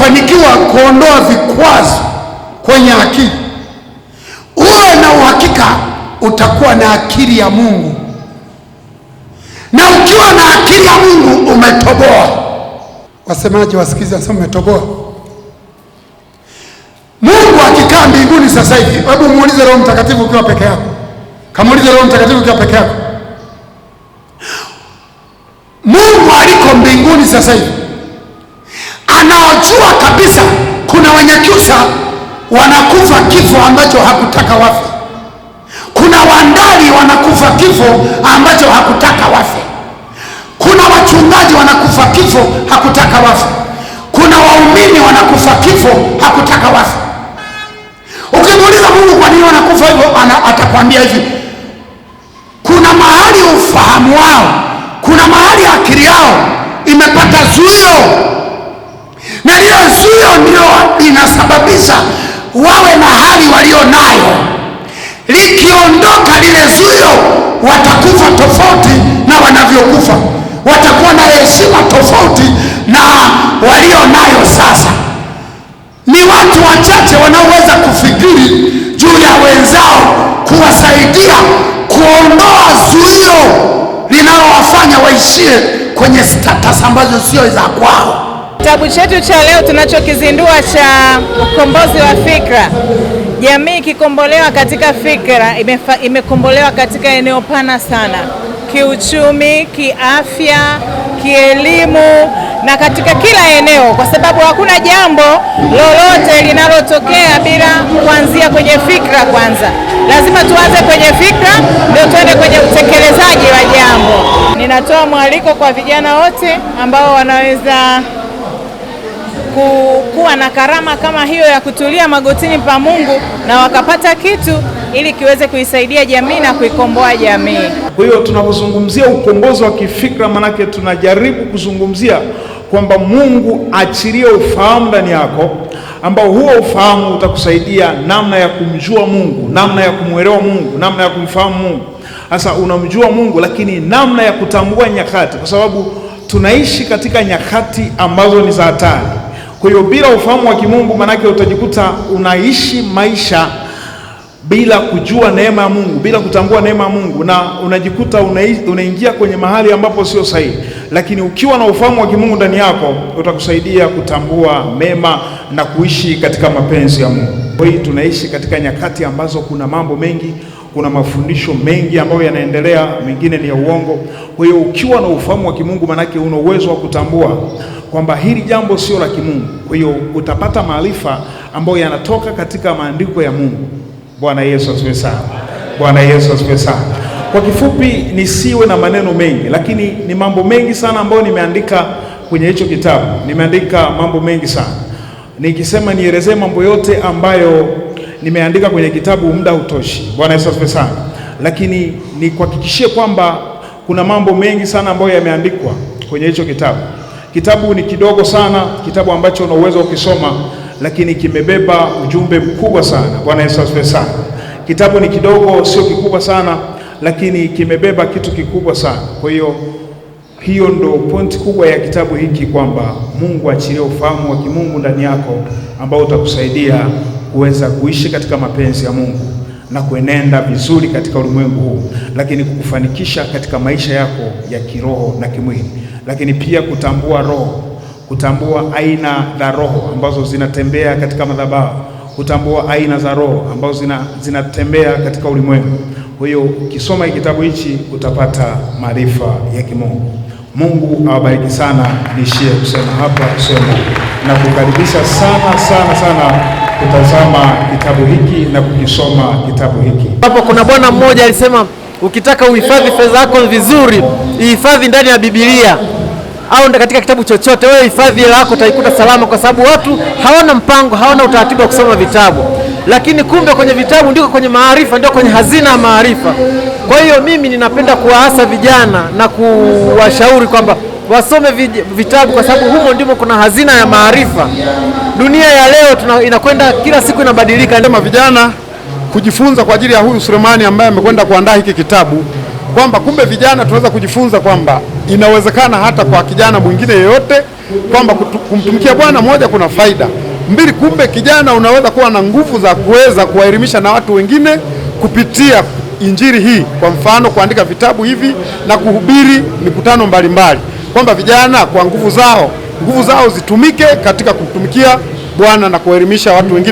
kufanikiwa kuondoa vikwazo kwenye akili. Uwe na uhakika utakuwa na akili ya Mungu, na ukiwa na akili ya Mungu umetoboa. Wasemaji wasikize, asema umetoboa. Mungu akikaa mbinguni sasa hivi, hebu muulize Roho Mtakatifu ukiwa peke yako, kamuulize Roho Mtakatifu ukiwa peke yako, Mungu aliko mbinguni sasa hivi anaojua kabisa kuna Wanyakyusa wanakufa kifo ambacho hakutaka wafe, kuna Wandali wanakufa kifo ambacho hakutaka wafe, kuna wachungaji wanakufa kifo hakutaka wafe, kuna waumini wanakufa kifo hakutaka wafe. Ukimuuliza Mungu kwa nini wanakufa hivyo, atakwambia hivi, kuna mahali ufahamu wao, kuna mahali akili yao imepata zui kanisa wawe na hali walio nayo, likiondoka lile zuio, watakufa tofauti na wanavyokufa, watakuwa na heshima tofauti na walio nayo sasa. Ni watu wachache wanaoweza kufikiri juu ya wenzao, kuwasaidia kuondoa zuio linalowafanya waishie kwenye status ambazo sio za kwao. Kitabu chetu cha leo tunachokizindua cha ukombozi wa fikra, jamii ikikombolewa katika fikra imefa, imekombolewa katika eneo pana sana, kiuchumi, kiafya, kielimu na katika kila eneo, kwa sababu hakuna jambo lolote linalotokea bila kuanzia kwenye fikra kwanza. Lazima tuanze kwenye fikra ndio tuende kwenye utekelezaji wa jambo. Ninatoa mwaliko kwa vijana wote ambao wanaweza kuwa na karama kama hiyo ya kutulia magotini pa Mungu na wakapata kitu ili kiweze kuisaidia jamii na kuikomboa jamii. Kwa hiyo tunapozungumzia ukombozi wa kifikra, manake tunajaribu kuzungumzia kwamba Mungu achilie ufahamu ndani yako ambao huo ufahamu utakusaidia namna ya kumjua Mungu, namna ya kumwelewa Mungu, namna ya kumfahamu Mungu. Sasa unamjua Mungu, lakini namna ya kutambua nyakati, kwa sababu tunaishi katika nyakati ambazo ni za hatari. Kwa hiyo bila ufahamu wa kimungu, maanake utajikuta unaishi maisha bila kujua neema ya Mungu, bila kutambua neema ya Mungu, na unajikuta unaingia kwenye mahali ambapo sio sahihi. Lakini ukiwa na ufahamu wa kimungu ndani yako, utakusaidia kutambua mema na kuishi katika mapenzi ya Mungu. Kwa hiyo tunaishi katika nyakati ambazo kuna mambo mengi kuna mafundisho mengi ambayo yanaendelea, mengine ni ya uongo. Kwa hiyo ukiwa na ufahamu wa kimungu, maanake una uwezo wa kutambua kwamba hili jambo sio la kimungu. Kwa hiyo utapata maarifa ambayo yanatoka katika maandiko ya Mungu. Bwana Yesu asifiwe sana. Bwana Yesu asifiwe sana. Kwa kifupi, nisiwe na maneno mengi, lakini ni mambo mengi sana ambayo nimeandika kwenye hicho kitabu. Nimeandika mambo mengi sana, nikisema nielezee mambo yote ambayo nimeandika kwenye kitabu muda utoshi. Bwana Yesu asifiwe sana. Lakini nikuhakikishie kwamba kuna mambo mengi sana ambayo yameandikwa kwenye hicho kitabu. Kitabu ni kidogo sana, kitabu ambacho una uwezo ukisoma, lakini kimebeba ujumbe mkubwa sana. Bwana Yesu asifiwe sana. Kitabu ni kidogo, sio kikubwa sana, lakini kimebeba kitu kikubwa sana. Kwa hiyo hiyo ndo pointi kubwa ya kitabu hiki, kwamba Mungu achilie ufahamu wa kimungu ndani yako ambao utakusaidia kuweza kuishi katika mapenzi ya Mungu na kuenenda vizuri katika ulimwengu huu, lakini kukufanikisha katika maisha yako ya kiroho na kimwili, lakini pia kutambua roho, kutambua aina za roho ambazo zinatembea katika madhabahu, kutambua aina za roho ambazo zina, zinatembea katika ulimwengu. Kwa hiyo ukisoma kitabu hichi utapata maarifa ya kimungu. Mungu awabariki sana. Niishie kusema hapa kusema na kukaribisha sana sana sana kutazama kitabu hiki na kukisoma kitabu hiki. Hapo kuna bwana mmoja alisema, ukitaka uhifadhi fedha yako vizuri, ihifadhi ndani ya Biblia au katika kitabu chochote. Wewe hifadhi hela yako utaikuta salama, kwa sababu watu hawana mpango, hawana utaratibu wa kusoma vitabu, lakini kumbe kwenye vitabu ndiko kwenye maarifa, ndio kwenye hazina ya maarifa. Kwa hiyo mimi ninapenda kuwaasa vijana na kuwashauri kwamba wasome vitabu, kwa sababu humo ndimo kuna hazina ya maarifa. Dunia ya leo inakwenda kila siku inabadilika. Sema vijana kujifunza kwa ajili ya huyu Sulemani ambaye amekwenda kuandaa hiki kitabu, kwamba kumbe vijana tunaweza kujifunza kwamba inawezekana hata kwa kijana mwingine yeyote, kwamba kumtumikia Bwana moja, kuna faida mbili. Kumbe kijana unaweza kuwa na nguvu za kuweza kuwaelimisha na watu wengine kupitia injili hii, kwa mfano kuandika vitabu hivi na kuhubiri mikutano mbalimbali kwamba vijana kwa nguvu zao nguvu zao zitumike katika kumtumikia Bwana na kuelimisha watu wengine.